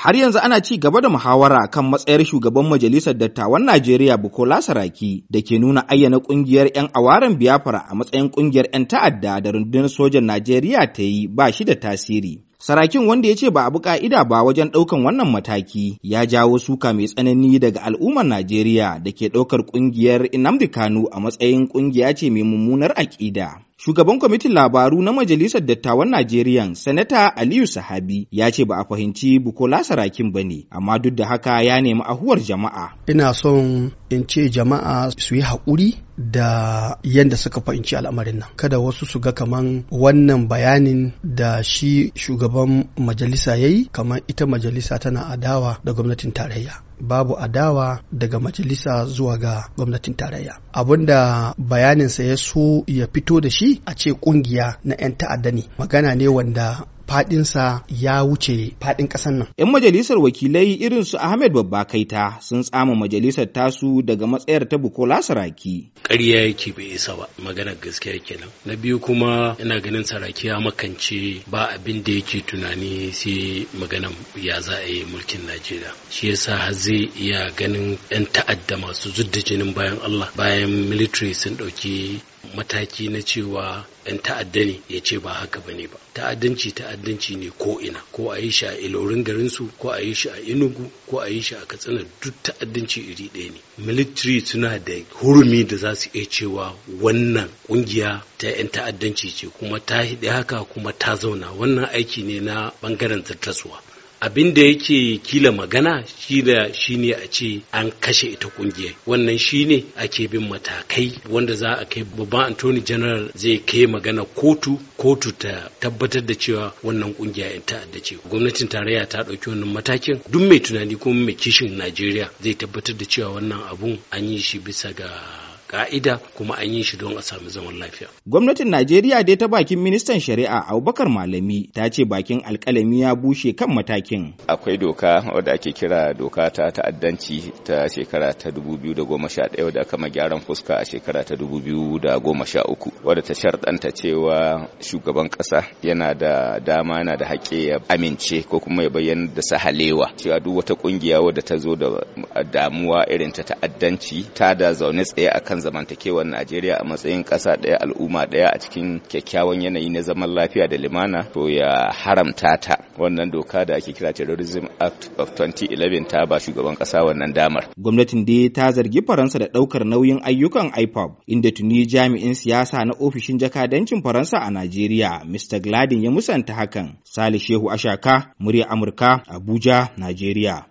Har yanzu ana ci gaba da muhawara kan matsayar shugaban majalisar dattawan Najeriya Bukola Saraki da ke nuna ayyana kungiyar 'yan awaran biyafara a matsayin kungiyar 'yan ta'adda da rundunar sojan Najeriya ta yi ba shi da tasiri. Sarakin wanda ya ce ba abu ka'ida ba wajen ɗaukan wannan mataki ya jawo suka mai tsanani daga al'ummar Najeriya da ke ɗaukar ƙungiyar Inamdi Kano a matsayin ƙungiya ce mai mummunar aƙida. Shugaban kwamitin labaru na Majalisar Dattawan Najeriya, Sanata Aliyu Sahabi, ya ce ba a fahimci Bukola Sarakin ba ne, amma duk da haka ya nemi ahuwar jama'a. Ina son in ce jama'a su yi haƙuri da yadda suka fahimci al'amarin nan. Kada wasu su ga kaman wannan bayanin da shi shugaban majalisa ya yi, kamar ita majalisa tana adawa da gwamnatin tarayya. babu adawa daga majalisa zuwa ga gwamnatin tarayya abinda bayaninsa ya so ya fito da shi a ce kungiya na 'yan ta'adda ne magana ne wanda fadinsa ya wuce fadin ƙasar nan. 'Yan majalisar wakilai irin su Ahmed Babba Kaita sun tsama majalisar tasu daga matsayar ta Bukola Saraki. Ƙarya yake bai isa ba maganar gaskiya kenan. Na biyu kuma ina ganin Saraki ya makance ba abin da yake tunani sai magana ya za a yi mulkin Najeriya. Shi yasa har zai iya ganin 'yan ta'adda masu zudda jinin bayan Allah bayan military sun ɗauki mataki na cewa 'yan ta'adda ne ya ce ba haka ne ba ta'addanci ta'addanci ne ko ina ko a yi shi a ilorin garinsu ko a yi shi a inugu ko a yi shi a katsina duk ta'addanci iri ɗaya ne military suna da hurumi da za su iya cewa wannan ƙungiya ta 'yan ta'addanci ce kuma ta haka kuma ta zauna wannan aiki ne na bangaren tattasuwa abin da yake kila magana kila ne a ce an kashe ita kungiyar wannan shi shine ake bin matakai wanda za a kai babban antoni general zai kai magana kotu kotu ta tabbatar da cewa wannan kungiya in ta'adda ce gwamnatin tarayya ta ɗauki wannan matakin duk mai tunani kuma mai kishin najeriya zai tabbatar da cewa wannan abun an yi shi bisa ga ka'ida kuma an yi shi don a sami zaman lafiya. Gwamnatin Najeriya dai ta bakin ministan shari'a Abubakar Malami ta ce bakin alkalami ya bushe kan matakin. Akwai doka wadda ake kira doka ta ta'addanci ta shekara ta 2011 wadda aka ma gyaran fuska a shekara ta 2013. wadda ta shardanta cewa shugaban ƙasa yana da dama yana da haƙƙi ya amince ko kuma ya bayyana da sahalewa cewa duk wata ƙungiya wadda ta zo da damuwa irin ta ta'addanci ta da zaune tsaye a kan zamantakewar Najeriya a matsayin ƙasa ɗaya al'umma ɗaya a cikin kyakkyawan yanayi na zaman lafiya da limana to ya haramta ta wannan doka da ake kira Terrorism Act of 2011 ta ba shugaban ƙasa wannan damar. Gwamnatin dai ta zargi Faransa da ɗaukar nauyin ayyukan IPOB inda tuni jami'in siyasa na ofishin jakadancin Faransa a Najeriya, Mr. Gladin ya musanta hakan. Sale Shehu Ashaka, murya Amurka, Abuja, Najeriya.